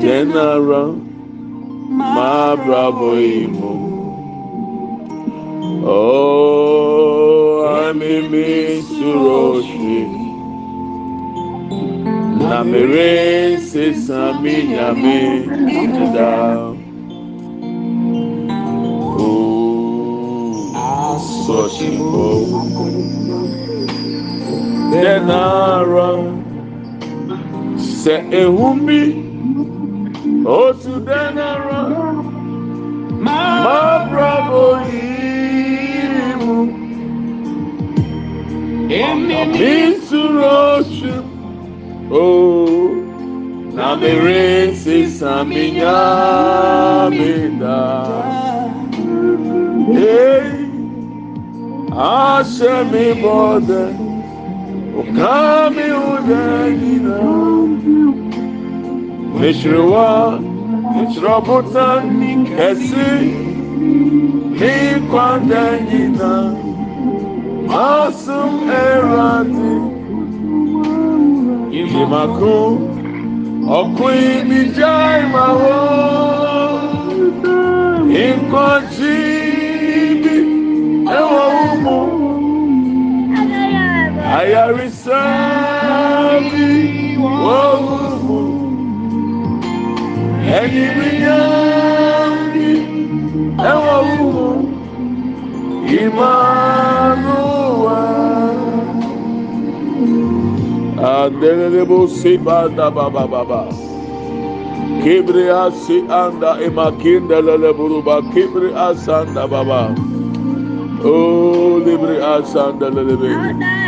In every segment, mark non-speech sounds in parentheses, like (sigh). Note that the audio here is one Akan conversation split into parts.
denara ma braboimo o oh, amimi turose na mere sesami nyame tutida sosioa e ehumi otu denara mma braboyirimu ọmịntụru ochu o na mịrịnsịsaminyamịda ei ace mị bọde ụka mị hụde-ẹyina meshịri wa ịcịro bụta ni kẹsị mịịkwa nde-yina masụm eradị iye makụn ọku ibi jaịmahụ ịkwa tịibi ewọhụụmụ ayaresaabi wɔwuhu ɛnibinyaani ɛwɔwuhu imanuwa adelelebo seba dabababa kibri asi anda emakindeleleboruba kibri asanda baba oh libri asanda lelebe.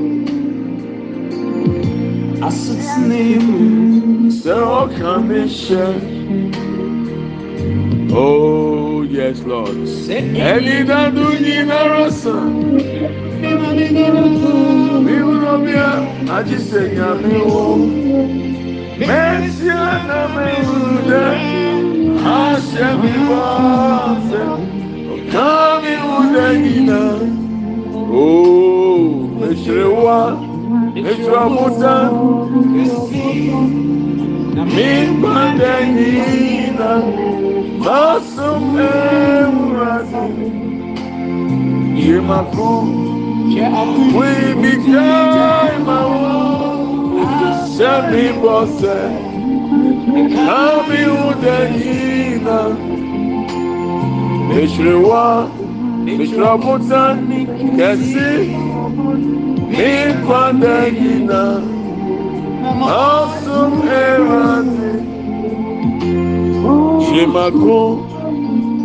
asete n'ihu sɛ ɔka me hyɛ oh yes lord ɛni dadu nyinara san miwuro bia agye sɛ nyame wo mɛsia na mehunu dɛ ahyɛ me bɔ sɛ ɔka me wo dɛ nyina oh mehyere wa. Mr. Mutan, Min Pandanina, Masum Emrasi, we be time out, Shabby Bossa, Kami Udanina, Mishra Kasi, 你 ekadenina asoherae cemako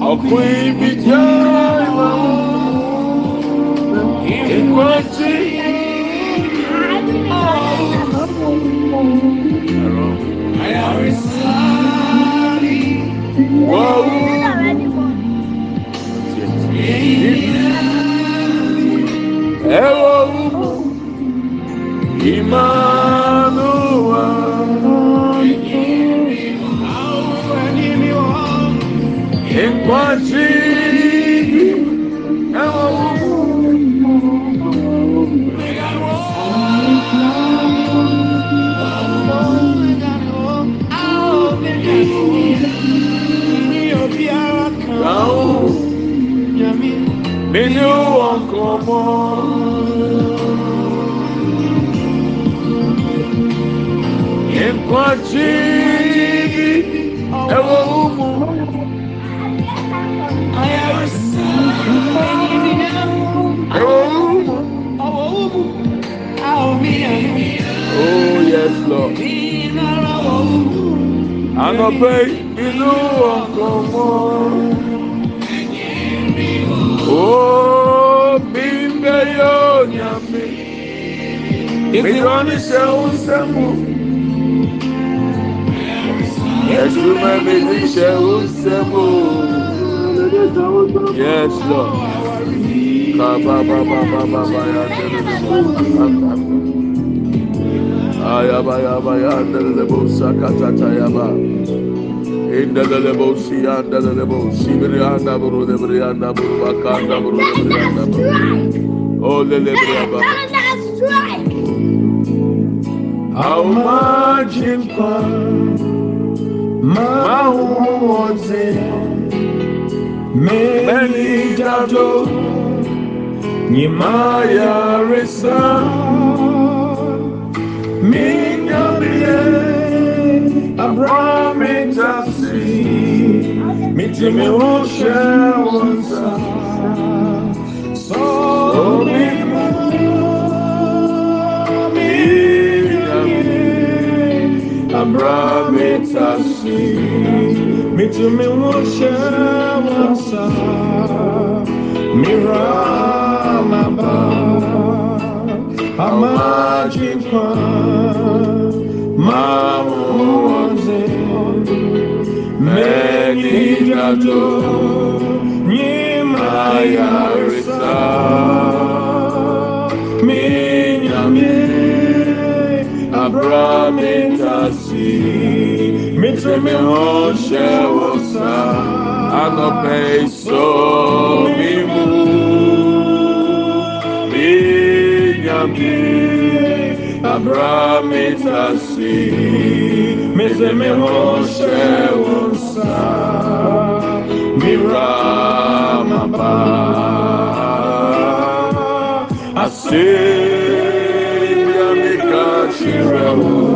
akuibitalaswa Elohim Emmanuel Enquanto Elohim Meu amor wàtí bí ẹwọ ọmọ. Ẹwọ ọmọ. Oh yes Lord. Ànàpẹ́ inú ọkọ̀ mọ́. Oh bí mbẹ́ yóò yàn mí. Ìfìwọ́nisẹ̀ ń sẹ́mu. Yesuma Medisha Usamo. Yes, Lord. Baba Baba Baba Ayaba Yaba Yanda Lebo Sakata Yaba. Inda the Lebo Sianda the Lebo Sibirianda Buru the Brianda Buru Bakanda Buru the Brianda Buru. Oh, the Lebriaba. How much in power? mmau wozi mipenitato nyimaya risa minyamiye abramitasi mitimiuse wonsa Abra mitzashi Mitzu milushe wasa Mira laba Amajikwa meni Megidato Nima yarisa Minyame Abra mitzashi mezemehoseosa anopeisovimu bigami abramitasi mezemehoxeosa miramaba asi gamikacireu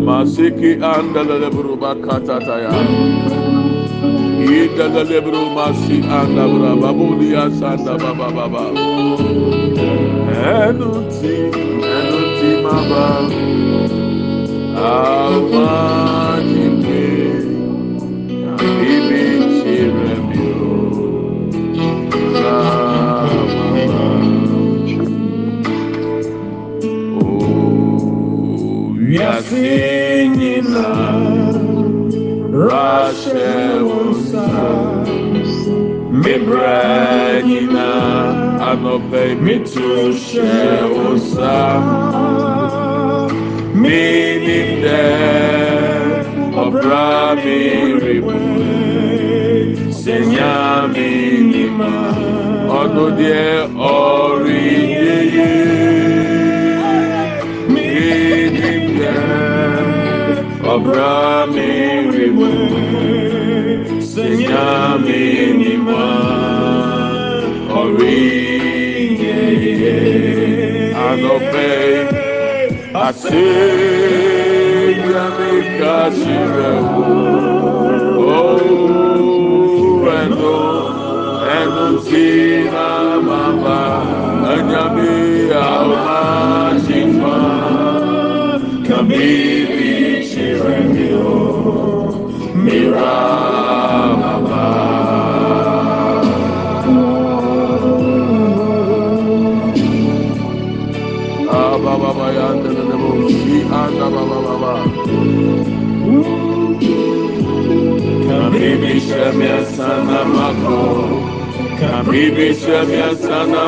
Masiki anda lebru bakata taya. Ida lebru masi anda berapa bulia sanda baba baba. ẹnuti ẹnuti bàbá àwa nígbè ibi tí rẹ mi ò gbà bàbá òbí àti nínà ràṣẹ òsà mi brẹ nínà. oemetue os mint mm amnma dode ri am and obey. I say, Yamika Shirewo. Oh, and oh, and oh, Tina Mama, Enyami Aoma Shifa, Kamili Shiremio, Mira. hakabalalalkamibixemyasana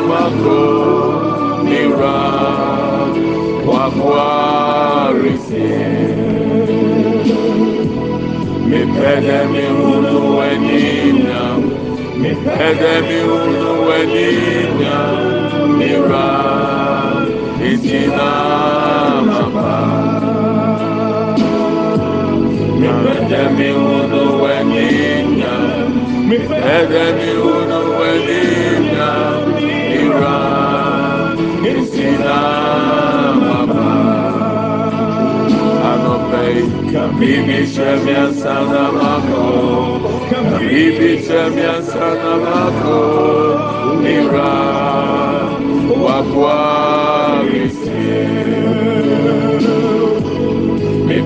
mako nira wakwarise mipedemiuueniya mipegemihunu we ninya nira ezina Mede mi unu weninya Mede mi unu weninya Ira Isina Mama Anopei Kabibi Shemia Sana Mako Kabibi Shemia Sana Mako Ira Wapwa Isina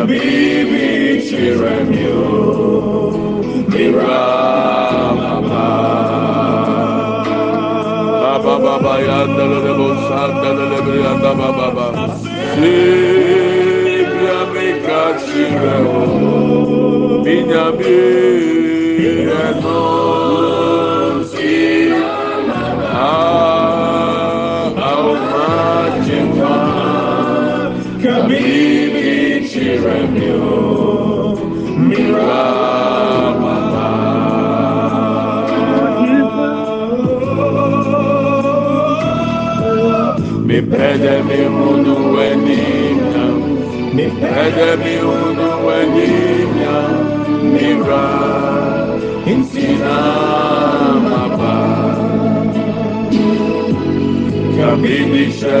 to be with children you. Baba Baba Yanda Lebo Santa Lebrianda Baba Sleep Yamika Chiro Binyami Binyami biesaaawapedemiuunuwenima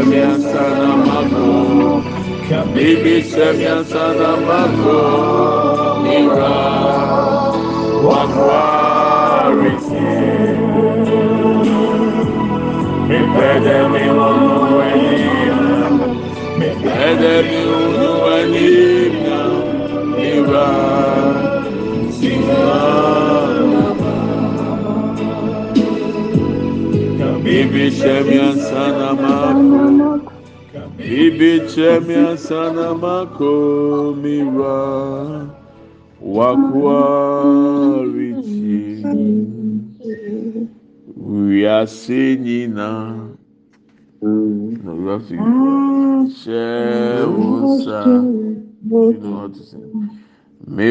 mira simabi bice mi asana mako mera wakuariti iaseyinaeme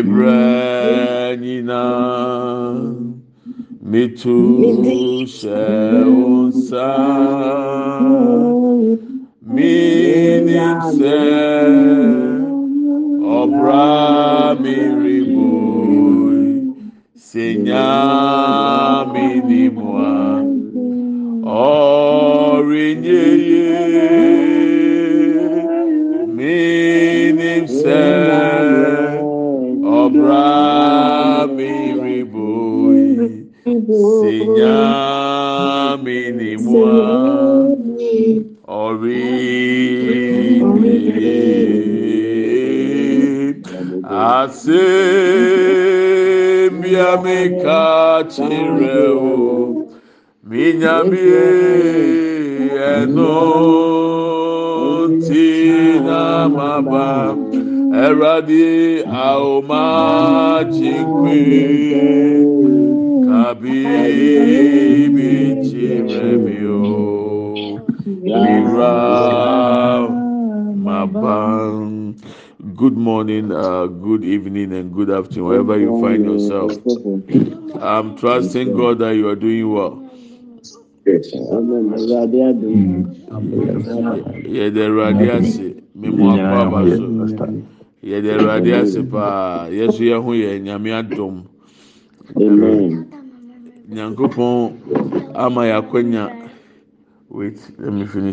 bre nyina metu e onsa obrami remoi senya midimua orinyeye minimse Son yɛda awuradeɛ ase memoako aba so yɛda wawuradeɛ ase paa yɛ so yɛ ho yɛ nyame adom nyankopɔn ama yɛakɔnya fn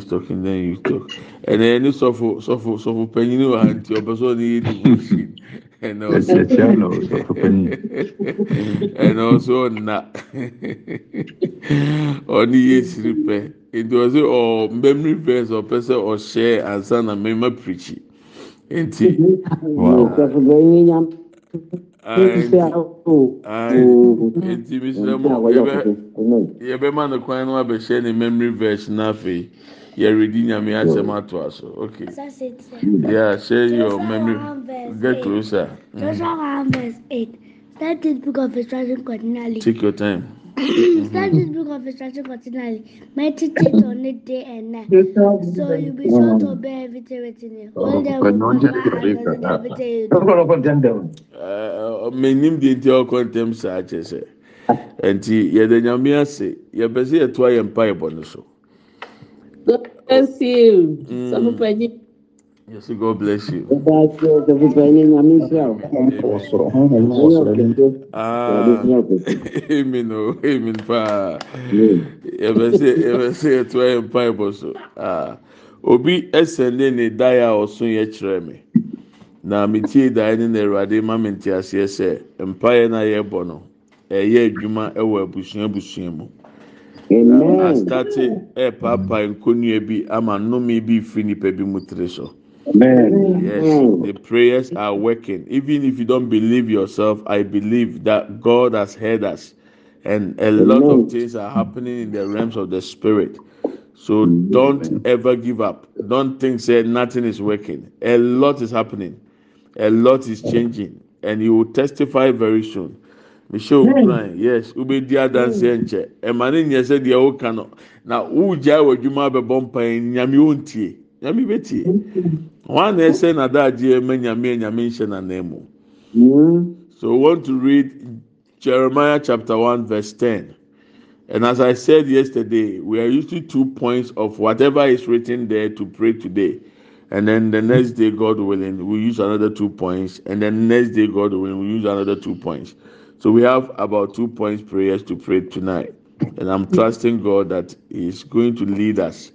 ɛnɛ yɛne sfsɔfo panyini wɔ hanti ɔbɛ sɛɔ ne yɛdi ho hi (laughs) ɛnɛ ɔsɛ ɔna ɔne yɛ siri pɛ nti ɔsɛ ɔ mbɛmiri vɛs ɔpɛ sɛ ɔhyɛ ansa na mɛma pirikyi nti nti bisimilamu yɛbɛma ne kwan no abɛhyɛ ne mɛmiri vɛs n'afɛ yi. yɛredi nyame asɛm ato aso okay yeah share your memory get closer. Mm. Joshua mm-hmm. one verse eight start this book of instruction continually. take your time. (clears throat) Start this mm-hmm. book of instruction continually. Meditate on it day and night. So you'll be sure to obey mm. everything written in it. All the words of menim deɛ nti and saa kyerɛ sɛ nti yɛde nyame ase yɛpɛ sɛ yɛtoa yɛn mpa yɛbɔ no so God bless you. Mm. Yes, God bless you. Amen. Oh, amen. Pa. Ever say, ever say, to a empire boso. Ah, obi esende ne daya osun ye kyerɛ me. Na me tie daya ne na Awurade ma me nte empire na yɛ bɔ no. Ɛyɛ adwuma ɛwɔ abusua abusua mu astate ɛɛpaapae eh, nkonnua bi ama nnome bi firi nipa bi mu tiri so. Amen. Yes, hmm. the prayers are working. Even if you don't believe yourself, I believe that God has heard us. And a lot of things are happening in the realms of the spirit. So hmm. don't ever give up. Don't think say nothing is working. A lot is happening. A lot is changing. And you will testify very soon. mehyɛ hmm. obran yes Ube dia hmm. nkyɛ ɛma ne nyɛ sɛ deɛ woka no na wogyae wɔ adwuma bɛbɔ nyami nyame ɔntie nyame One wɔn na ɛsɛ n'adagyeɛ ma nyame nyame hmm. so we want to read jeremiah chapter one verse ten and as i said yesterday we are using two points of whatever is written there to pray today. and then the next day, God willing, we use another two points, and then next day, God willing, we use another two points. we have about t points prayers to pray tonight an im trusting god that eis gointo lead us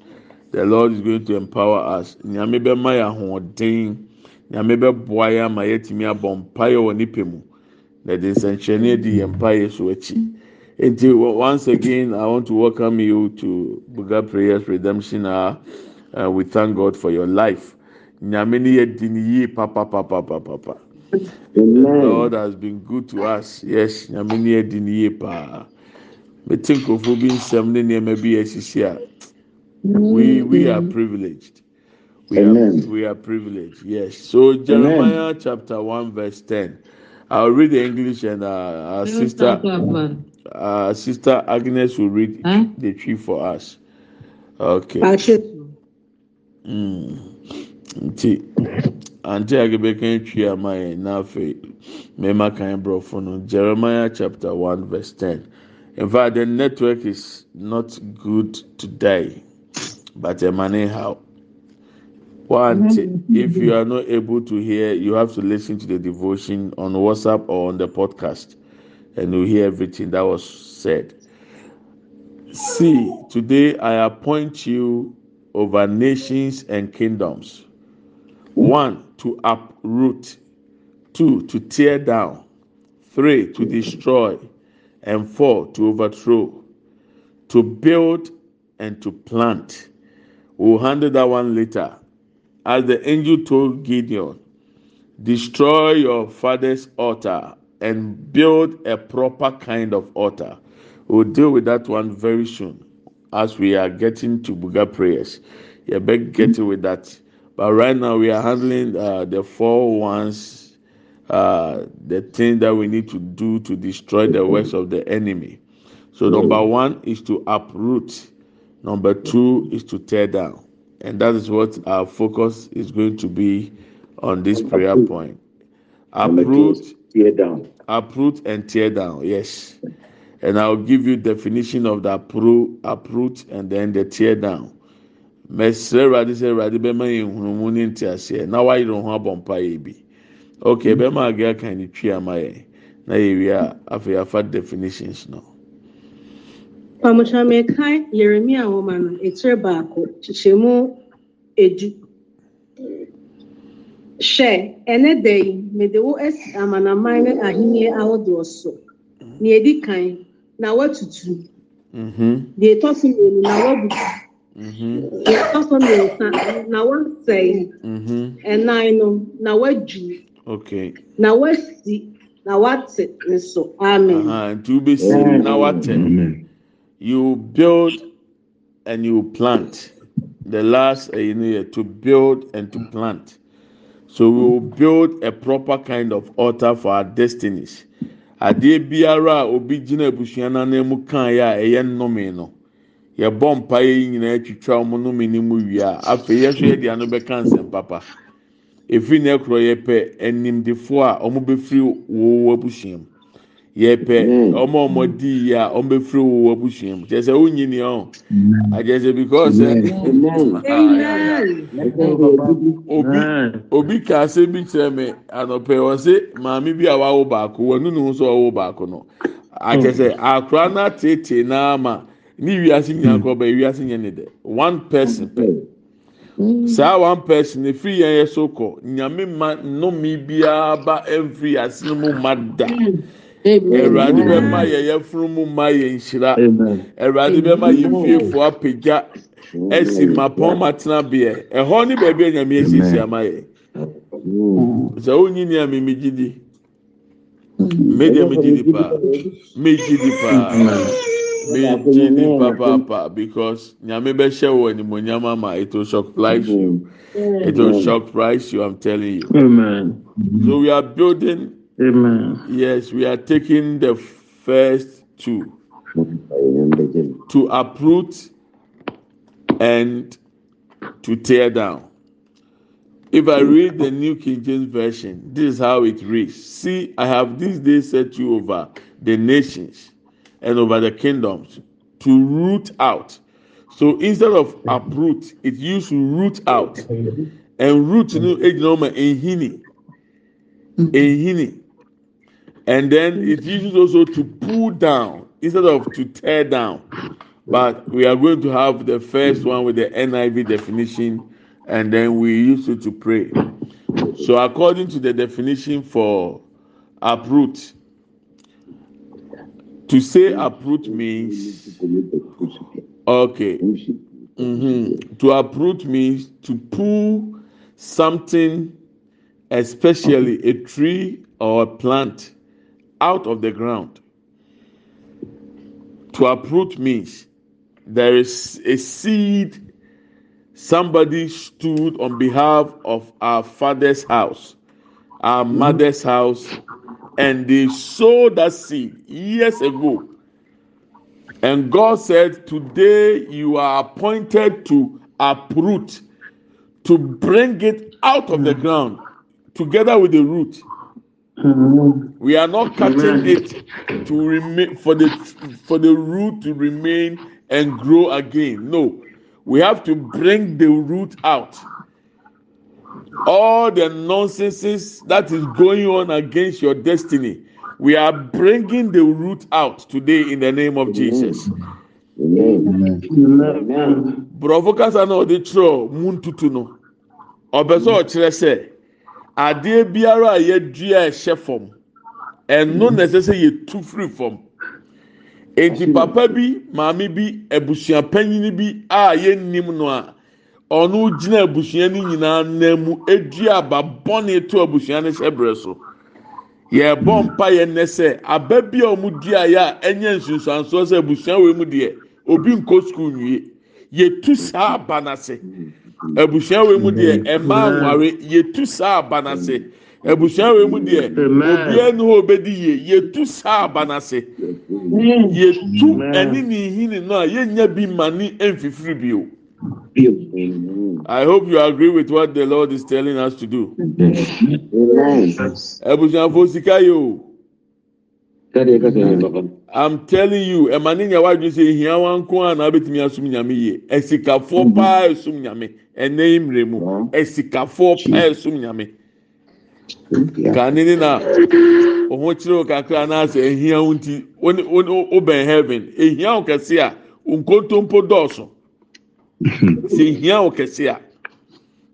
the lordis gointo empower us name bɛma yɛ ahoɔde ae bɛboayɛ ma yɛtumi abɔmpyɛw nip mu nadskerɛnediympɛ ski nti nc again i nowcom to buga prayers edemptionwe uh, thank god for your life nyame no yɛdinyie pappa The Lord has been good to us. Yes, nyame ni adi ni yie paa. Mete nkurɔfoɔ bi nsɛm We we are mm. privileged. We Amen. are we are privileged. Yes. So Jeremiah Amen. chapter one verse ten. I'll read the English and uh, our sister our sister Agnes will read huh? the tree for us. Okay. Mm ante agbeka etwi ama yɛn n'afei mmarima kan borɔfo no jeremiah chapter one verse ten in fact the network is not good today but ɛma ne how if you are not able to hear you have to listen to the devotion on whatsapp or on the podcast and you hear everything that was said see today i appoint you over nations and kingdoms. One, to uproot. Two, to tear down. Three, to destroy. And four, to overthrow. To build and to plant. We'll handle that one later. As the angel told Gideon, destroy your father's altar and build a proper kind of altar. We'll deal with that one very soon as we are getting to Buga prayers. You better get with that. But right now we are handling uh, the four ones, uh, the thing that we need to do to destroy the mm-hmm. works of the enemy. So number mm-hmm. one is to uproot. Number two is to tear down. And that is what our focus is going to be on this prayer point. Uproot, tear down. Uproot and tear down, yes. And I'll give you definition of the uproot, uproot and then the tear down. mesrɛ awurade sɛ awurade bɛma yɛ nhunumu ne nteaseɛ na wayere ho abɔ mpa yɛ bi ok bɛma age aka ne twi ama yɛ na yɛwie a afei afa definitions no pamokyameka yeremia nwoma no etire baako kyekyɛ mu edu hwɛ ɛnɛ da yi mede wo asi amanaman ne ahenni ahodoɔ so nea edi kan na watutu mhm. deɛ etɔ so mmienu na wabutu ọsọ mm-hmm. mmiɛnsa na wasɛe mm-hmm. ɛnan no na wadu na wasi na wate ne so amen. nti wobɛsi na wate you build and you plant the last ɛyi no yɛ to build and to plant so we will build a proper kind of altar for our destinies adeɛ biara a obi gyina abusua nanan mu kan yɛ ɛyɛ nnome no yɛbɔ mpa yi nyinaa twitwa wɔn nom ne mu wie a afei yɛhwɛ yɛ deɛ ano bɛka nsɛm papa efi ne korɔ yɛpɛ enimdefo a wɔn bɛfiri wɔwɔ abusua mu yɛpɛ wɔn a wɔn di yi a wɔn bɛfiri wɔwɔ abusua mu kyerɛ sɛ wonyi ni ɔn akyerɛ sɛ because eh, ah, obi obi ka asɛm bi kyerɛ mi anɔpɛ ɔsɛ maame bi a wawo baako wɔn nunu nso ɔwɔ baako no akyerɛ hmm. sɛ akora na tete naama ní wiase nyina kọ ọba wiase nyẹ ne dẹ one person pẹ hmm. saa one person efiri yẹn yẹ so kọ nyame ma nnọmi biara ba efiri ase mu ma da. Ẹ̀rọ̀adé bẹ́ẹ̀ má yẹ yẹ funu mu má yẹ nhyira. Ẹ̀rọ̀adé bẹ́ẹ̀ má yẹ fiefo apagya ẹ̀sìn hmm. mapọ́n ma tena beẹ̀. Ẹ̀họ́ ní bẹ̀ẹ̀bi ẹ̀nyàmí ẹ̀sìsì àmà yẹ. Hmm. Sọ wọ́n yín ní àmì mi jí di. Méjì mi jí di paa. Méjì di paa. megye nipa paapa because nyame bɛhyɛ wɔ animonyam ama it will surprise you it will surprise you i'm telling you amen so we are building amen yes we are taking the first two to uproot and to tear down if i read the new king james version this is how it reads see i have this day set you over the nations and over the kingdoms to root out. So instead of uproot, it used to root out. And root new ignoma ehini. Ehini. And then it uses also to pull down instead of to tear down. But we are going to have the first one with the NIV definition, and then we use it to pray. So according to the definition for uproot, to say uproot means okay. Mm-hmm. To uproot means to pull something, especially a tree or a plant, out of the ground. To uproot means there is a seed somebody stood on behalf of our father's house, our mm-hmm. mother's house, and they sowed that seed years ago. And God said, Today you are appointed to uproot, to bring it out of the hmm. ground together with the root. Hmm. We are not cutting it to remain for the for the root to remain and grow again. No, we have to bring the root out. all the nonsense that is going on against your destiny we are bringing the root out today in the name of jesus borɔfo kasa na ɔde kyerɛ mu ntutu no ɔbɛ sɛ ɔkyerɛ sɛ biara a yɛdua ɛhyɛ fam ɛno na ɛsɛ sɛ yɛtu firi fam eti papa bi maame bi abusua panyin bi a yɛnnim no a ɔno gyina abusua no nyinaa nan mu edua aba bɔne to abusua no hyɛ brɛ so yɛbɔ mpa yɛn nɛ sɛ aba bi a wɔn dua yɛ a ɛnyɛ nsunsuansoɔ abusua wɔ mu deɛ obi nkɔ sukuu nwie yɛtu saa aba n'ase abusua wɔ mu deɛ ɛmaa nware yɛtu saa aba n'ase abusua wɔ mu deɛ obiara ni hɔ obedi yie yɛtu saa aba n'ase yɛtu ɛne ne hin no a yɛnya bi ma ne mfifiri bio. I hope you agree with what the Lord is telling us to do. Ebusanfo sika yi o. I'm telling you, ẹ̀mánì yẹn wájú sẹ ìhìá wa ń kó àná abẹ́tìmí asum nyàmé yìí. Ẹ̀sìkàfọ́ paa ẹ̀sum nyàmé ẹ̀nẹ́ ìmìrè mu. Ẹ̀sìkàfọ́ paa ẹ̀sum nyàmé. Kàní nínà òhun kyerè wò kakra náà sẹ ẹ̀hìá wọn ti ó bẹ̀n heaven. Ẹ̀hìá wọn kẹsí à nkontompo doso. Si (laughs) hia wo kɛse a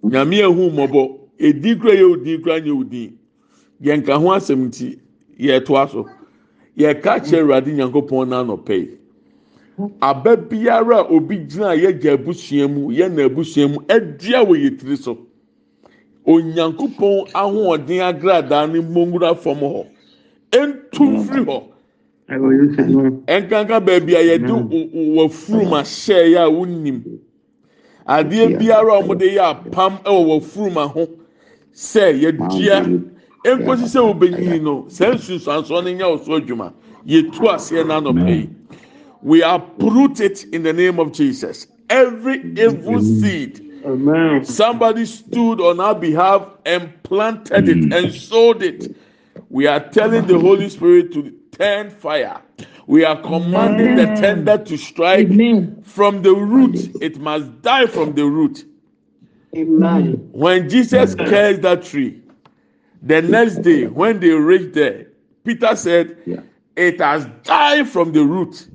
nyame ehu mmɔbɔ edi kura yɛ odi kura nyɛ odi yɛn ka ho asɛm ti yɛtoa so yɛka kyerɛ awurade nyankopɔn n'anɔpɛ yi aba biara a obi gyina yɛgya abusua mu yɛna abusua mu ɛdua wɔ yɛ tiri so onyankopɔn ahoɔden agradaa ne mmongura fam hɔ ntu firi hɔ nkanka baabi a yɛde wɔ furum ahyɛ yɛ a wonim. adeɛ biara a wɔde yɛ apam wɔ wɔfuruma ho sɛ yɛdua nkosi sɛ obɛnyini no sɛ nsunsuansoɔ no nyɛ ɔso adwuma yɛtu aseɛ n'anɔpɛ yi we uproot it in the name of jesus every evil seed somebody stood on our behalf and planted it mm. and sowed it we are telling the holy spirit to turn fire we are commanding the tender to strike Amen. from the root. It must die from the root. Amen. When Jesus cursed that tree, the next day when they reached there, Peter said, yeah. It has died from the root.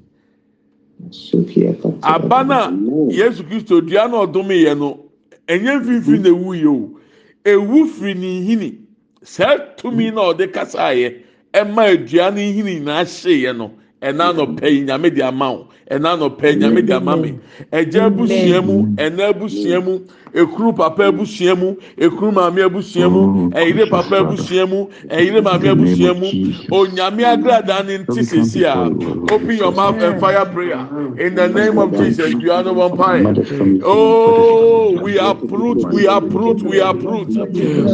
Abana yes, Christo dua na ọdụm ya no enye mfimfini na ewu ya o ewu firi n'ihini saa tumi na ọdị kasa ya ɛma edua n'ihini na ahye ya ɛna anɔpɛ yi nyame de ama wo ɛna anɔpɛ yi nyame de ama mi ɛgya abusua mu ɛna abusua mu ekuru papa abusua mu ekuru maame abusua mu ɛyere papa abusua mu ɛyere maame abusua mu onyame agrada ne nti sisi a open your mouth and fire prayer in the name of jesus you are the one parent oh we are uproot we are uproot we are uproot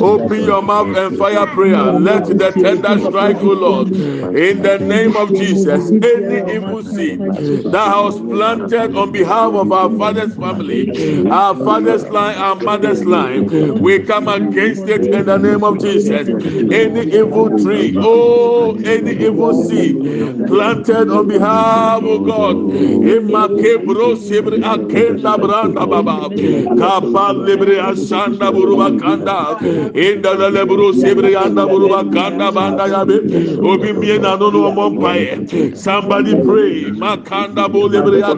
open your mouth and fire prayer let the tender strike o lord in the name of jesus. any evil seed that was planted on behalf of our father's family, our father's line, our mother's line, we come against it in the name of Jesus. Any evil tree, oh, any evil seed planted on behalf of oh God, in banda obi Somebody pray. Makanda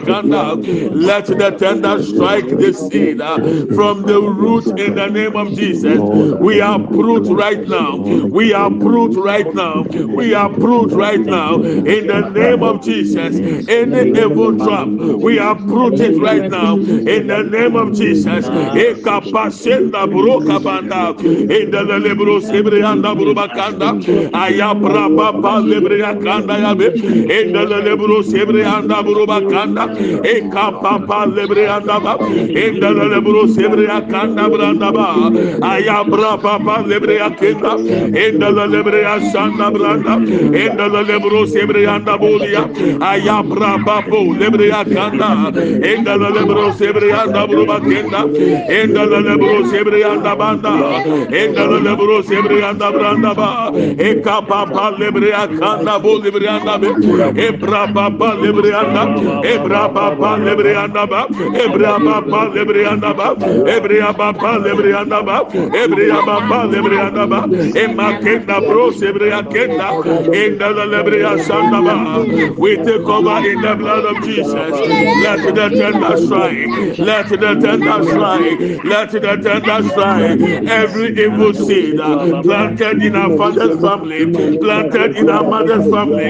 kanda. Let the tender strike the seed uh, from the root in the name of Jesus. We are uproot right now. We are uproot right now. We are uproot right now. In the name of Jesus. Any devil trap, we are uproot it right now. In the name of Jesus. Ekapasenda brokabanda. In the lebros ebrianda brubakanda. Ayabrababa lebriakanda yabe. endele lebro sebre anda buru bakanda e kapapa lebre anda ba endele lebro sebre akanda branda ba aya bra papa lebre akenda endele lebre asanda branda endele lebro sebre anda bolia aya bra papo lebre akanda endele lebro sebre anda buru bakenda endele lebro sebre anda banda endele lebro sebre anda branda ba e kapapa lebre akanda bo lebre anda ebra baba lebreanda ebra baba lebreanda ba ebra baba lebreanda ba ebra baba lebreanda ba ebra baba lebreanda ba emakenda bro sebrea kenda enda la lebrea sanda ba we take over in the blood of Jesus let the tender strike let the tender strike let the tender strike every evil seed planted in our father's family planted in our mother's family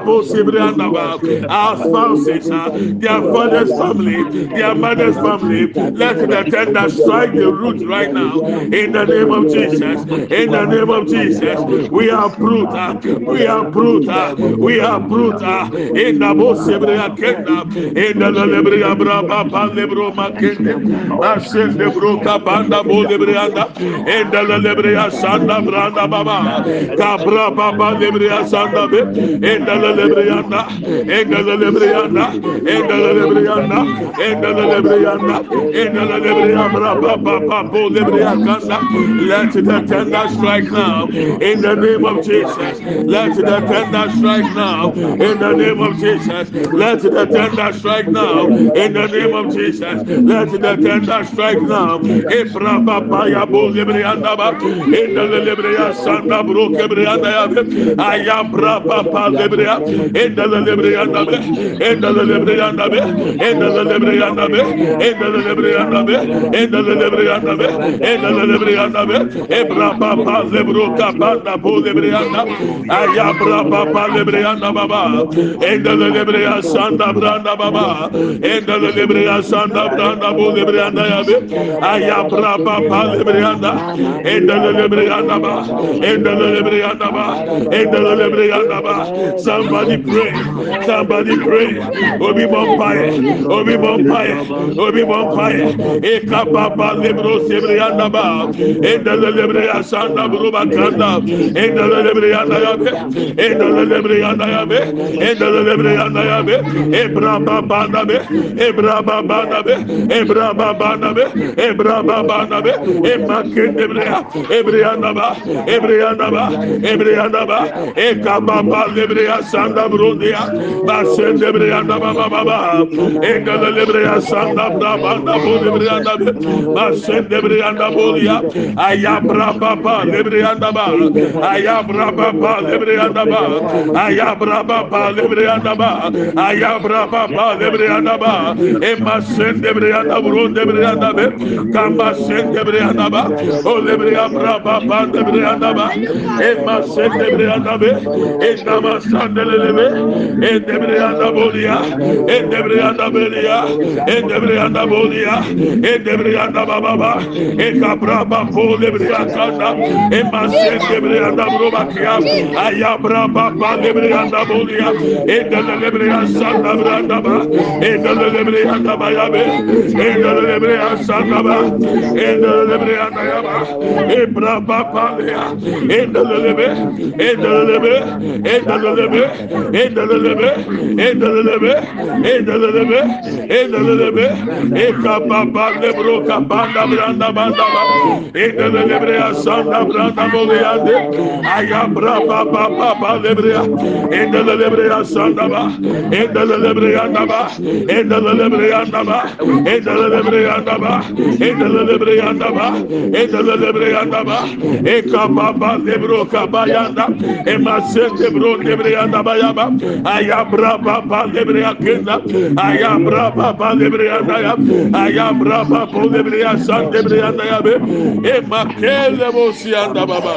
our spouses, uh, their father's family, their mother's family. Let the tender strike the root right now in the name of Jesus. In the name of Jesus, we are brutal, uh, we are brutal, uh, we are brutal in the most severe kingdom, in the Lebria Braba Palebro Makende, Ashen de Broca Banda Bolebrianda, in the Lebria Santa Branda Baba, Cabra Baba Lebria Santa, in the engala lebreyanda engala lebreyanda engala lebreyanda let the tender strike now in the name of Jesus let the tender strike now in the name of Jesus let the tender strike now in the name of Jesus let the tender strike now ebra eh, ba ba ya bo lebreyanda ba engala lebreyanda sanda bro ya ayabra ba ba enda la lebre yanda be enda la lebre yanda be enda la lebre yanda be enda la lebre yanda be enda la lebre yanda be enda la lebre yanda be ebra ba ba lebro ka ba da bo lebre yanda aya bra ba ba lebre yanda baba enda la lebre ya sanda branda baba enda la lebre ya sanda branda bo lebre yanda ya be aya bra ba ba lebre yanda enda la lebre yanda ba enda la lebre yanda ba enda la lebre yanda ba Somebody pray. Somebody pray. Obi Bompire. Obi Bompire. Obi Bompire. Eka Papa Lebro Sebrianda Ba. Endele Lebreya Sanda Bruba Kanda. e e e e da da da Endele Lebreya be e Lebreya Yabe. Endele Lebreya Yabe. Ebra Baba Nabe. Ebra Baba be e Baba Nabe. Ebra Baba Nabe. Ebra Kendebreya. Ebreya Naba. Ebreya Naba. Ebreya e Eka Papa Lebreya Sanda sanda brundia basende breyanda baba baba engala lebreya sanda da banda bu lebreyanda basende breyanda bolya ayam raba ba lebreyanda ba ayam raba ba lebreyanda ba ayam raba ba lebreyanda ba ayam raba ba lebreyanda ba emasende breyanda brunde breyanda be kamasende breyanda ba o lebreyanda raba ba lebreyanda ba emasende breyanda be enama sandele beleleme endebre yanda bolia endebre yanda belia endebre yanda bolia endebre anda bababa e kabra ba kole bre yanda e masen debre anda broba kia aya braba ba debre yanda bolia endebre debre yanda branda ba endebre debre yanda ba ya be endebre debre yanda ba endebre debre yanda ya ba e braba ba ya endebre debre endebre debre endebre endelelebe, endelelebe, endelelebe, endelelebe, ekababande bro kabanda branda banda ba, endelelebre asanda branda boluyande, ayabra ba ba ba ba lebre, endelelebre asanda ba, endelelebre yanda ba, endelelebre yanda ba, endelelebre yanda ba, endelelebre yanda ba, endelelebre yanda ba, ekababa lebro kabayanda, emasete bro lebre yanda ba, ayaba ayabrababalebreya kenda ayabrababalebreandaya ayabrababolebreya santebreandayabe emakelevosianda baba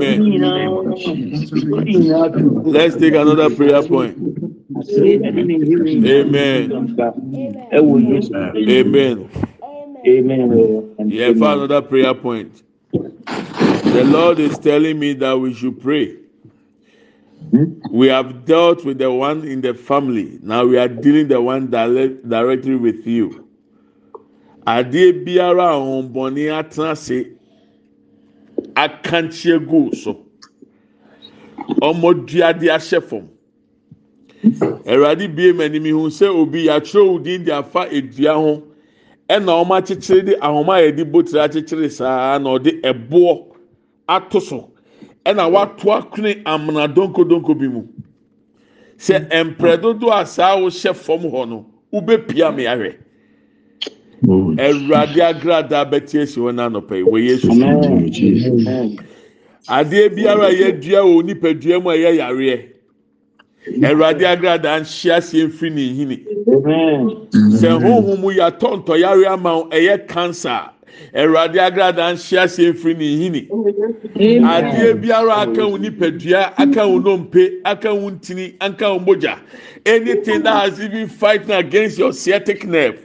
Amen. Let's take another prayer point. Amen. Amen. Amen. Amen. Yeah, for another prayer point. The Lord is telling me that we should pray. We have dealt with the one in the family. Now we are dealing the one directly with you. Adeɛ biara a ɔn bɔnni akankyie gu so ɔmɔduade ahyɛ fam awurade bie mu anim ihu sɛ obi yɛatwerɛ wo din afa edua ho ɛna ɔmo akyekyere de ahoma a yɛde botire akyekyere saa na ɔde ɛboɔ ato so ɛna wato akune amena donkodonko bi mu sɛ mpɛrɛ a saa wohyɛ fam hɔ no wobɛpia me ahwɛ. awurade agrada bɛte asi hɔ n'anɔpɛ yi wɔ yesu adeɛ biara a yɛdua wɔ nipadua mu a ɛyɛ yareɛ awurade e. agrada nhyia aseɛ mfiri ne nhini sɛ huhu mu yɛatɔ ntɔyare ama wo ɛyɛ kansa awurade agrada nhyia aseɛ mfiri ne nhini adeɛ biara aka wo nipadua aka wo nnompe aka wo ntini aka wo mogya anything that has even fighting against your sciatic nerve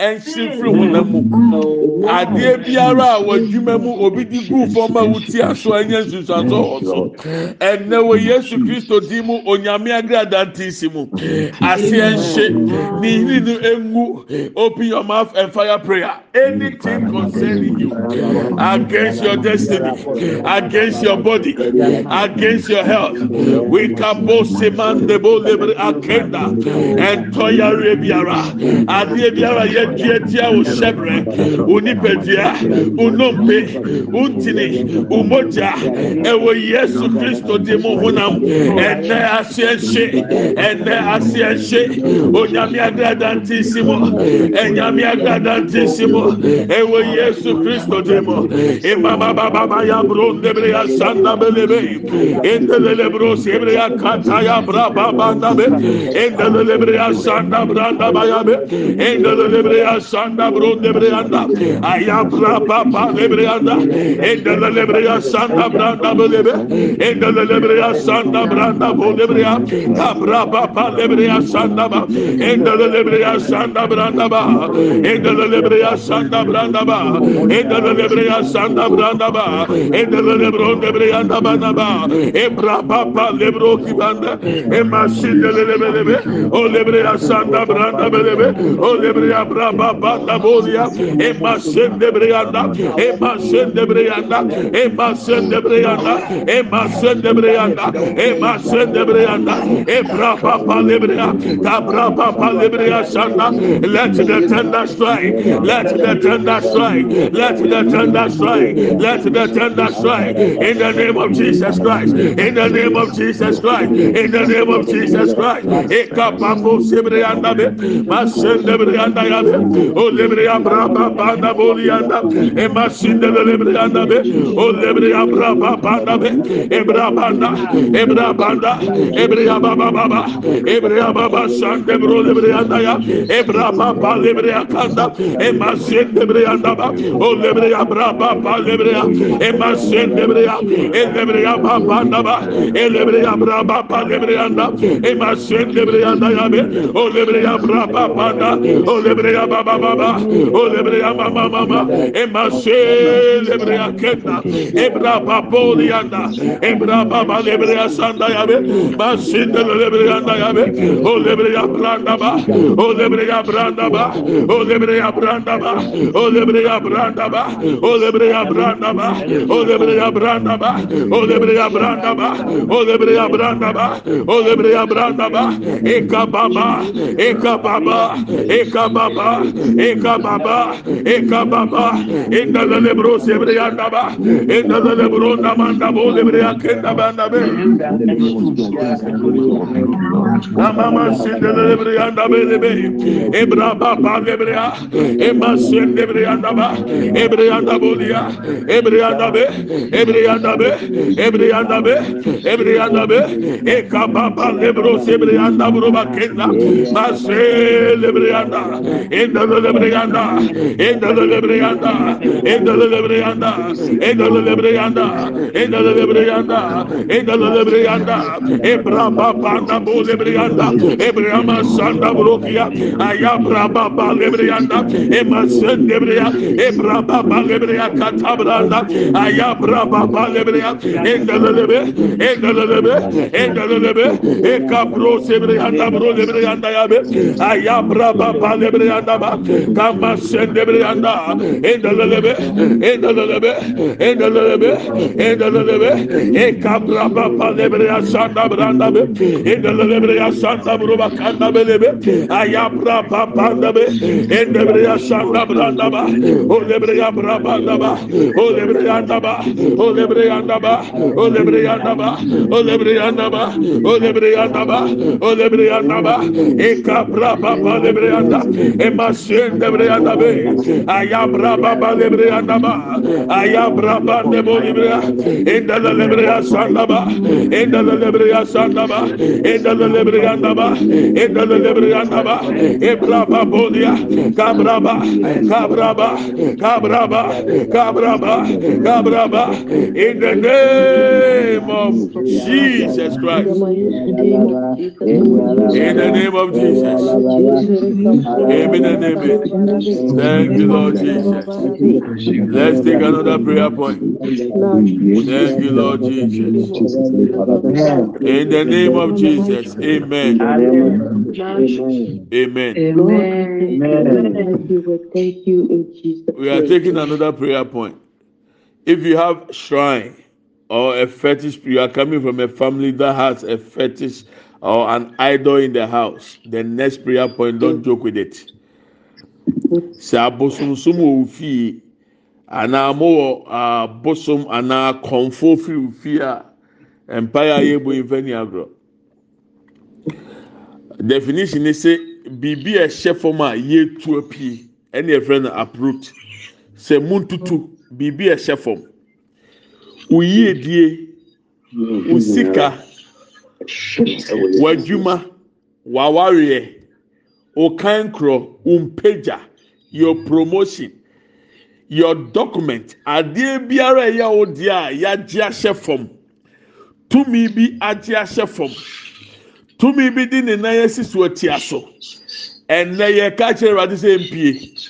ɛnhyɛ firi honam mu adeɛ biara a mu obi di gu a aso ɛnyɛ so wɔ yesu kristo di mu onyame mu ase ɛnhyɛ ne yiri no engu open your mouth and fire prayer anything concerning you against your destiny against your body against your health we can both seman debo lebre akenda ɛntɔyare biara adeɛ biara yɛ tiatia wo sɛbrɛ wo nipadua wo nnompe wo ntini wo mogya ɛwɔ yesu kristo di mu honam ɛnɛ aseɛ nhye ɛnɛ aseɛ nhye onyame agrada nti si mu ɛnyame agrada nti si mu ɛwɔ yesu kristo di mu imamabababa yabro ndebre yasanda belebe endelelebro sebre yakata yabra babanda be endelelebre ya branda bayabe endelelebre lebrea sanda bro ayabra ayapra papa lebreanda endele lebrea sanda branda bolebe endele lebrea sanda branda bolebrea kapra papa lebrea sanda ba endele lebrea sanda branda ba endele lebrea sanda branda ba endele lebrea sanda branda ba endele lebro lebrea da bana ba ebra papa lebro kibanda emasindele lebelebe o lebrea sanda branda belebe o lebrea rababanda bolia ema shem de brianda ema shem de brianda ema shem de brianda ema shem de brianda ema shem de brianda ebra papa lebrea kabra papa lebrea shanda let the thunder strike let the thunder strike let the thunder strike let the thunder strike in the name of Jesus Christ in the name of Jesus Christ in the name of Jesus Christ ekapa bo sebreanda be ma shem de brianda O lebre abra baba da bolianda. E masinde de lebre anda be. O lebre abra baba da be. Ebra banda. Ebra banda. Ebra baba baba. Ebra baba sande bro lebre anda ya. Ebra baba lebre anda E masinde lebre anda ba. O lebre abra baba lebre. E masinde lebre. E lebre baba da ba. E lebre abra baba lebre anda. E masinde lebre anda ya be. O lebre abra baba da. O lebre lebria baba baba o lebria mama mama e mashe lebria kenda ebra baboli anda ebra baba lebria sanda yabe masinde ya anda yabe o lebria branda ba o lebria branda ba o lebria branda ba o lebria branda ba o lebria branda ba o lebria branda ba o lebria branda ba o lebria branda ba o lebria branda ba e kababa e kababa e kababa baba, eka baba, eka baba, enda da lebro sebre yanda ba, enda da lebro na manda bo lebre yakenda banda be. Ama ma sinde lebre yanda lebe, ebra baba lebre ya, ema sinde lebre yanda ba, ebre yanda bolia, ebre yanda be, ebre yanda be, ebre yanda be, ebre yanda be, eka baba lebro sebre yanda bro bakenda, ma lebre yanda, endala lebreyanda endala lebreyanda endala lebreyanda endala lebreyanda endala lebreyanda endala lebreyanda ebraba banda bu lebreyanda ebrama sanda brokia ayabra baba lebreyanda emasen lebreya ebraba baba lebreya katabranda ayabra baba lebreya endala lebe endala lebe endala lebe ekabro sebreyanda bro lebreyanda ya be ayabra baba lebreyanda Andaba, Kamba Sendebri Anda, Endalebe, Endalebe, Endalebe, Endalebe, Ekabraba e Palebria Santa Brandabe, Endalebria Santa Bruba Candabelebe, Ayabra Papandabe, Endebria Santa Brandaba, Olebria Brabandaba, Olebria Andaba, Olebria Andaba, Olebria Andaba, Olebria Andaba, Olebria Andaba, Olebria Andaba, Ekabra Papa Lebria Andaba, e masende bre adabe ayabra baba lebre adaba ayabra bande bolibra enda la lebre asandaba enda la lebre asandaba enda la lebre andaba enda la lebre andaba ebra babodia kabraba kabraba kabraba kabraba kabraba in the name of Jesus Christ in the name of Jesus amen the name. Thank you, Lord Jesus. Let's take another prayer point. Thank you, Lord Jesus. In the name of Jesus, amen. Amen. Amen. amen. We are taking another prayer point. If you have shrine or a fetish, you are coming from a family that has a fetish or an idol in the house, the next prayer point, don't joke with it. sɛ abosomsom wɔ wo fie anaa mowɔ abosom ah, anaa kɔnfo firi wo fie a mpaeɛ a yɛbɔ yi mfa ni agorɔ definition ne sɛ biribi a ɛhyɛ fam a yɛtu apie ɛne yɛfrɛ no uproot sɛ muntutu biribi a ɛhyɛ fam wo yiedie wo sika w'adwuma w'awareɛ okankorɔ umpagya your promotion your document adeɛ biara ɛyɛ wo deɛ a yɛagye ahyɛ fam tumi bi agye ahyɛ fam tumi bi di ne nan asi so atia so ɛnna yɛ ka ɛwurade sɛ mpie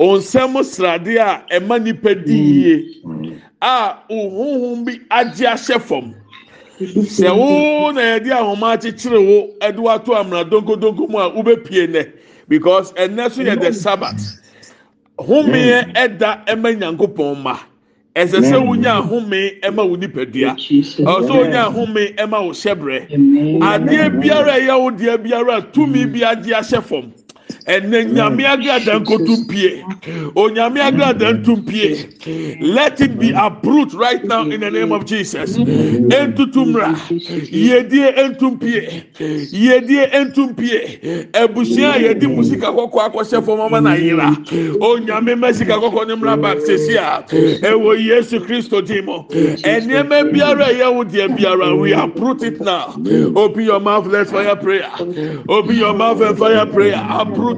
onsɛm sradeɛ a ɛma e nipa di yie mm. a ohunhun bi agye ahyɛ fam sɛ wo na yɛde ahoma akyekyere wo ɛde wato amena donkodonko mu a wobɛpie nɛ because ɛnɛ so yɛ the sabbath homeɛ ɛda ɛma nyankopɔn ma ɛsɛ sɛ wonya ahome ɛma wo nipadua ɛsɛ wonya ahome ɛma wo hyɛbrɛ adeɛ biara ɛyɛ wo deɛ biara tumi bi agye ahyɛ fam ɛnɛ mm. nyame agradan kotum pie onyame agradan mm. tum pie let it be mm. uproot right now in the name of jesus entutumra yedie entum pie yedie entum pie ebusua a yɛdi mu sika kɔkɔɔ akɔhyɛ fɔm ama na yira onyame mɛ sika kɔkɔɔ ne mura back sisi a ɛwɔ yesu kristo di mu ɛnneɛma biara yɛ wo biara we uproot it now open your mouth let's fire prayer open your mouth and fire prayer uproot.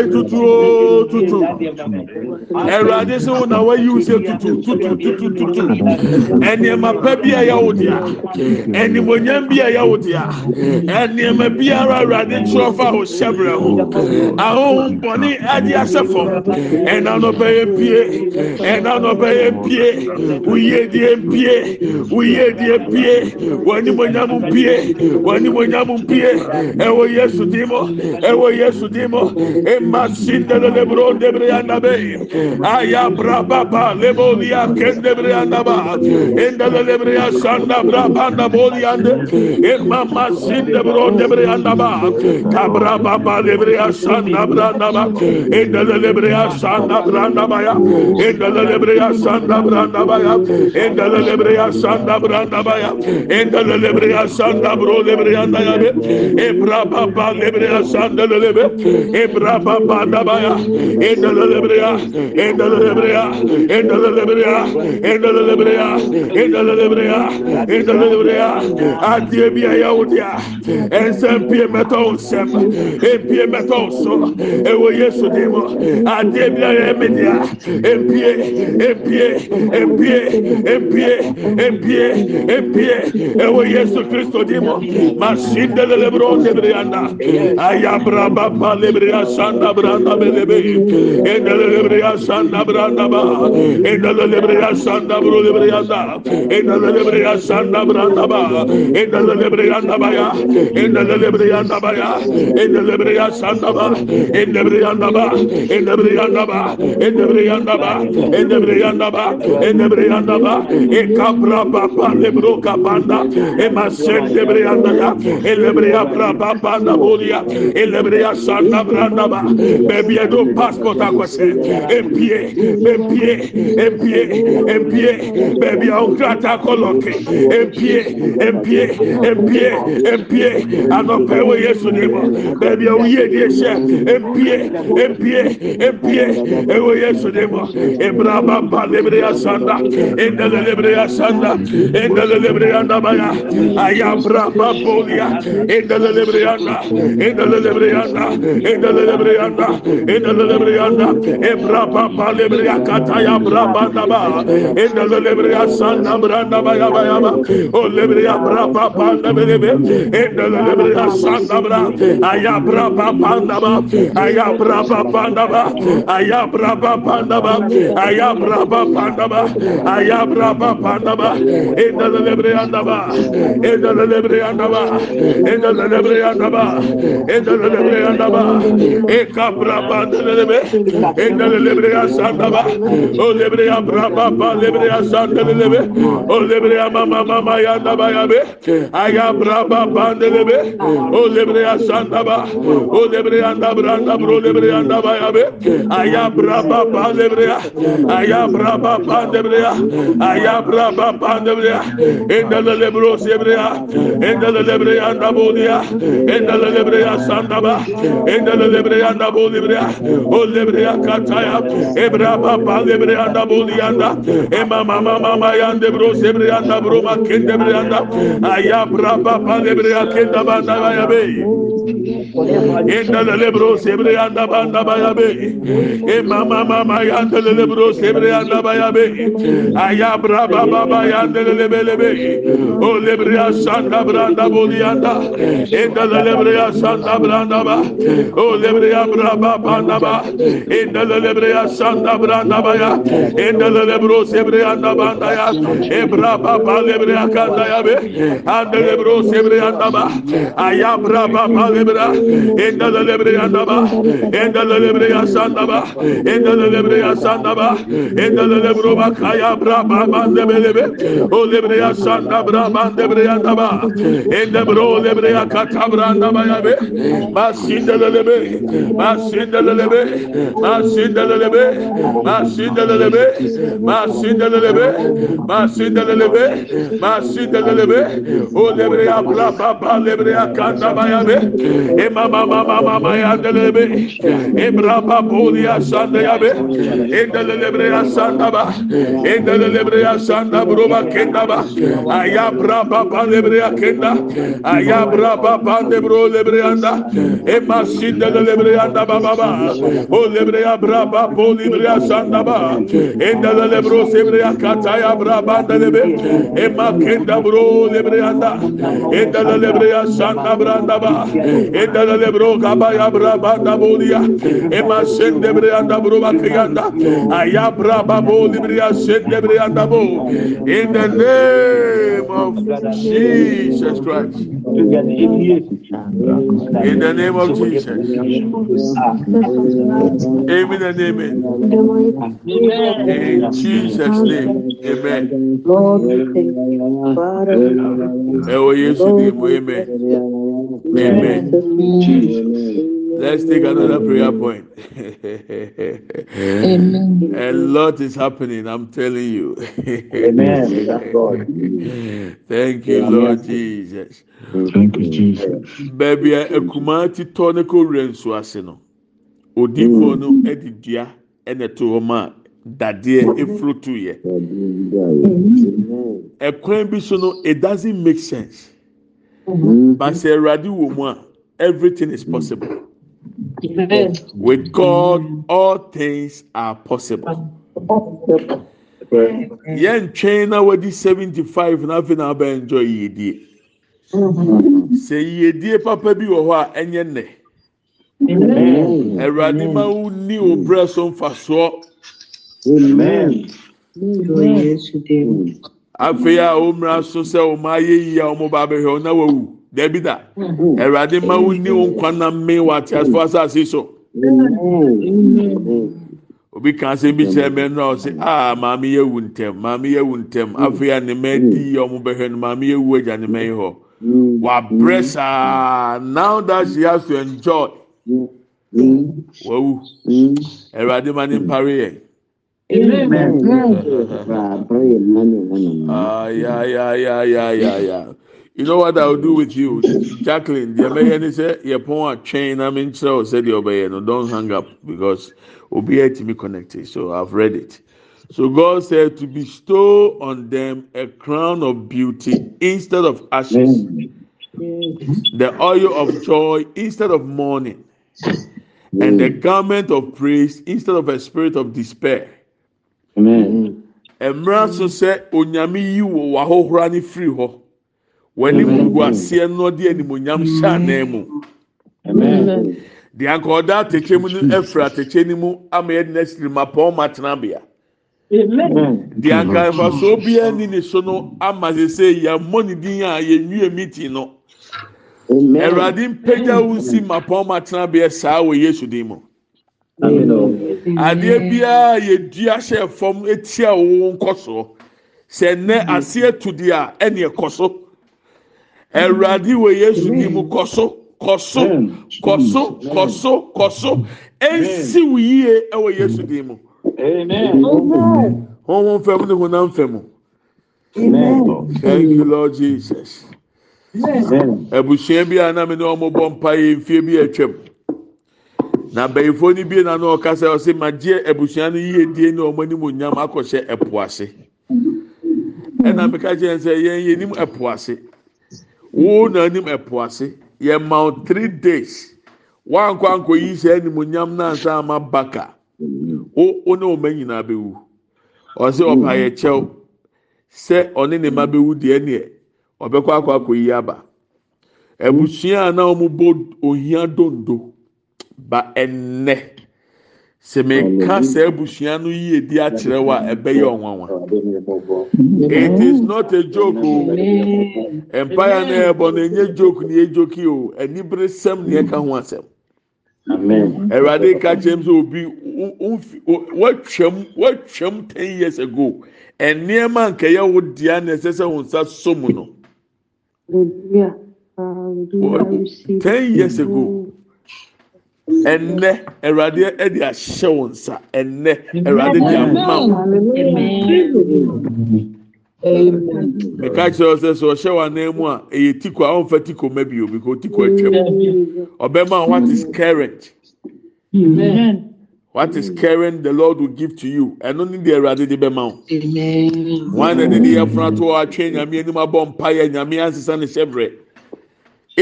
yi tutu o oh, tutu ɛwura adi sɛ wo na wa yi sɛ tutu tutu tutu tutu ɛnìyɛmà pɛ bi a yà wò di a ɛnìmònyam bi a yà wò di a ɛnìyɛmà bi a ɛwura adi twerɛ fa o hyɛ brɛ ho ahohun bɔnni adi ahyɛ fam ɛnanɔbɛ yɛ pie ɛnanɔbɛ yɛ pie wuyedie pie wuyedie pie wɔnimònyam pie wɔnimònyam pie ɛwɔ yesu di mo ɛwɔ yesu di mo. masinda de bron de brianda be aya braba ba lebolia ken de brianda ba enda de lebria sanda braba da boliande e mama sin de bron de brianda ba kabra ba ba lebria sanda branda ba enda de lebria sanda branda ba ya enda de lebria sanda branda ba ya enda de lebria sanda branda ba ya enda de lebria sanda bro de brianda ya e braba ba lebria sanda lebe e braba ayara ira iera idellebra adiebia yaudia ensempie metousem empie metousu ewo yesu dimu adiebia emidia empie empie epie mpie empie empie ewu yesu kiristo dimo masindelelebro tebrianda ayabrabapalebra aaaɛraabaa ɛebrasaaba ebrɩaaba b ebraaba ekaprapapalebrokapanda emasɛlebreyandaya elebrɩya brapapannabolia e lebrɩasadabraaba bɛbiɛdo paspↄt akɔsi epiye epiye piye piye bɛ biɛ u krata akɔlɔki epie piye piye ɛpiye anɔpɛ eweyesudimɔ bɛbiɛ u yediesɛ ɛpiye epiye epiye ewoyesu dimɔ e braba ba lebreya sanda i dɛlɛlebreya sanda idɛle lebreyandamaya ayabraba bolia i dɛlelebreyana idlɛlebreyaa lebriyanda endele lebriyanda ebra papa lebriya kataya braba ba. endele lebriya sanna branda baya baya ba o lebriya bra papa lebele be endele lebriya sanna bra aya bra papa daba aya bra papa daba aya bra papa ba. aya bra papa daba aya bra papa daba endele lebriya daba endele lebriya daba endele lebriya daba endele lebriya daba e kaprapandeleleɓe endɛlɛlebreya sandaba olebreya prapapalereya sandɛleleɓe o lebreya mamamamayandabayabe aya pra papandeleɓe o lebreya sandaba o lebreya ndabrandabrlebreya ndabayaɓe aya pra papalebrya aya pra papandeɓrya aya prapapandeɓrya endɛlɛlebrosebrɩya endɛllereya ndabolɩya da bobrea ole brea kataya ebra papage breanda boli anda emama mamamayande brose ebreanda bromakende breanda aya bra papage brea kendabanda baya bei Endele lebro sebre yanda banda bayabe. E mama mama yandele lebro sebre yanda bayabe. Ayabra baba bayandele lebelebe. O lebre yasanda branda boli yanda. Endele lebre branda ba. O lebre baba ba. Endele lebre yasanda branda baya. Endele lebro sebre ya. Ebra baba lebre yakanda ya be. Andele lebro sebre yanda ba. Ayabra baba lebra enda la lebre anda ba enda la lebre yasanda ba enda la lebre yasanda ba enda la lebro ba kaya bra ba ba lebe lebe o lebre yasanda bra ba lebre anda ba enda bro lebre yakata bra anda ba ya be ba sinda la lebe ba sinda la lebe ba sinda la lebe ba sinda la lebe ba sinda la lebe ba sinda la lebe ba sinda la lebe o lebre ya bra ba ba lebre yakata ba ya be Emama mama mama ya delebe. Emraba babu ya sanda ya be. Endelebre ya sanda ba. Endelebre ya sanda broba kenda ba. Aya braba ba lebre ya kenda. Aya braba ba de bro lebre anda. Ema sinda lebre anda ba ba ba. O lebre ya braba boli lebre ya sanda ba. Endelebre bro sebre ya kataya braba delebe. Ema kenda bro lebre anda. Endelebre ya sanda branda ba. enda da lebro gaba braba da bolia e sen de bre anda bro ba kiyanda aya braba bo libria sen de bre anda bo in the name of Jesus Christ in the name of Jesus amen and amen in Jesus name amen Lord, Father, Amen. Amen. Amen. Jesus. Let's take another prayer point. Amen. (laughs) A lot is happening, I'm telling you. Amen. (laughs) That's God. Thank you, Lord Jesus. Thank you, Jesus. Baby, a kumati tonico rensu asino. Odifo mm. no edidia ene to homa dadeɛ efuru tu yɛ. no it doesn't make sense. Mm-hmm. But say Radi woman, everything is possible. With God, mm-hmm. all things are possible. Yen twɛn na wɔdi seventy five na afei na abɛ enjoy yiedie. Mm-hmm. Sɛ yiedie papa bi wɔ hɔ a ɛnyɛ nnɛ. Ɛwurade ma wo ni obrɛ so nfa soɔ. Amen. Amen. afei mm-hmm. a ɔmmra so sɛ ɔma ayɛ yie a ɔmo ba abɛhwɛ ɔna wawu na da awurade ma wo ni wo nkwa nam me so obi bi kyerɛ mɛ a a maame yɛ wu ntɛm maame yɛ wu ntɛm afei a ne mɛ di yie ɔmo bɛhwɛ no maame yɛ wu agya ne mɛ yi hɔ saa now that she has to enjoy mm-hmm. Amen. Ah, yeah, yeah, yeah, yeah, yeah, yeah. You know what I'll do with you, Jacqueline? The American say your phone chain. I mean, so said the Obeyeno. Don't hang up because we'll be here to be connected. So I've read it. So God said to bestow on them a crown of beauty instead of ashes, the oil of joy instead of mourning, and the garment of praise instead of a spirit of despair. mmerɛ mm-hmm. nso sɛ onyame yi wɔ w'ahohora ne firi hɔ w'ani gugu aseɛ no ɔde animonyam hyɛ anan mu mm-hmm. deɛ anka ɔda atɛkyɛ mu no afiri atɛkyɛ no mu ama yɛde no asiri ma pɔn ma tenabea deɛ anka mfasoɔ biara ni ne so no ama sese yɛmmɔ ne din a yɛnwie meeting no awurade mpagya wo nsi ma pɔn ma tenabea saa wɔ yesu din mu adeɛ biara yɛdi ahyɛ fam etia wɔn nkɔ soɔ sɛ nɛ aseɛ tu deɛ a ɛkɔ so ɛwurade wɔ yesu di mu kɔ so kɔ so kɔ so kɔ so kɔ so ɛnsi wo yie ɛwɔ yesu di mu wɔn fɛm ne honam fɛm thank you lord jesus ebusua bi a anam ne wɔn bɔ mpa yɛ mfie bi atwam. na bẹyìfo ni bie na no ọkasa ọsẹ ma die ebusua no yie die na ọmọ anim onyam akọhyẹ ẹpo ase ẹna mẹka kyerẹ nsẹ yẹn yẹn nim ẹpo ase wọn na nim ẹpo ase yẹn ma ọ three days wankọ ankọ yi hyẹ ẹnim onyam nansa ama baka o ọ na ọmọ nyinaa bẹwu ọsẹ ọpa yẹ kyẹw sẹ ọne ne ma bẹwu deɛ neɛ ɔbɛkọ akọ akọ yi aba ebusua na wɔn bɔ ohia dondo. ba ɛnɛ sɛ meka saa abusua no yie akyerɛ wa ɛbɛyɛ ɔnwanwa it is not a joke o oh. empire na ɛbɔ na enye joke na ejoki o oh. enibere sɛm na ɛka ho asɛm ɛwurade ka kyerɛ mu sɛ obi watwam watwam ten years ago ɛnneɛma nkɛyɛ wo dea na ɛsɛ sɛ wɔn nsa so mu no ten years ago ɛnɛ ɛwurade ɛde ahyɛ wɔn nsa ɛnɛ ɛwurade de ama wɔn ɛka kyerɛ sɛ sɛ ɔhyɛ wɔn anan mu a ɛyɛ tiko a ɔnfɛ tiko mɛ bi obi ko tiko atwam ɔbɛma what is current what is current the lord will give to you ɛno ne deɛ ɛwurade de bɛma wɔn wɔn na ɛde de yɛ funu ato wɔn atwe nyame anim abɔ mpa yɛ nyame asesa ne hyɛ brɛ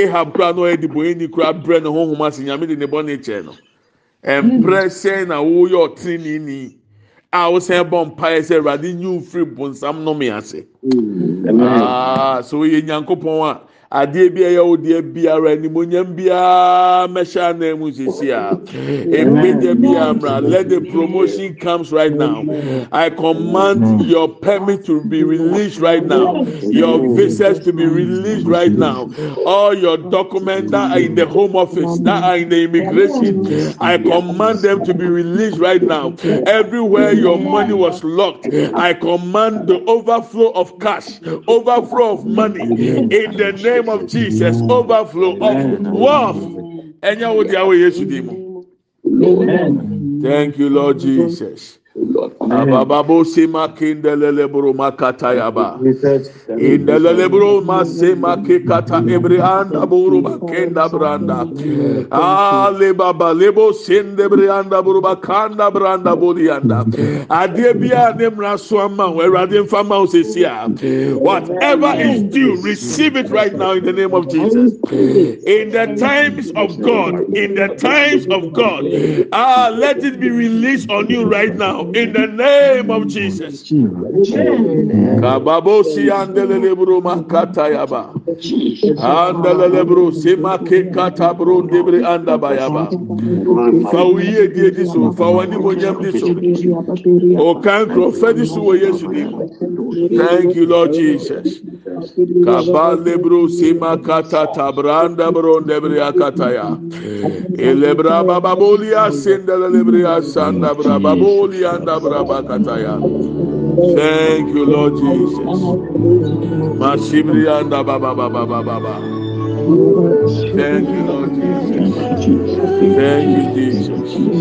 ahab kura na ɔyɛ dibɔ eni kura brɛ ne ho homa si nyame de ne bɔ ne kyɛ no mprɛ mm. sɛn na wɔyɛ ɔtini ni a wɔsɛn bɔ mpaeɛ sɛ awurade nyu firi bonsam nom ase mm. aa ah, so yɛ nyankopɔn a. adeɛ bi a ɛyɛ wo deɛ biara animonyam biara mɛhyɛ anan mu sisi a emedia biara mra let the promotion comes right now i command your permit to be released right now your visas to be released right now all your documents that are in the home office that are in the immigration i command them to be released right now everywhere your money was locked i command the overflow of cash overflow of money in the name name of Jesus, overflow of wealth. And you would Thank you, Lord Jesus. Abababo sema kindelelebro makata yaba. Indelelebro masema kekata ebreanda buru bakenda branda. Ale baba lebo sende breanda buru bakanda branda bodianda. Adie biya ne mraso ama wo Awurade mfa ma Whatever is due receive it right now in the name of Jesus. In the times of God, in the times of God. Ah, let it be released on you right now in the name of jesus kababosiandelele broma katayaba andalele bro sema ke kata bro debre anda bayaba fawiye die diso fawani monyam diso o kankro fedi su wo yesu di thank you lord jesus kabale bro sema kata tabranda bro debre akata ya elebra bababoli asendalele bro asanda bra baboli anda bra bakata ya Thank you, Lord Jesus. Mashimri and Baba Baba Baba. Thank you, Lord Jesus. Thank you, Jesus.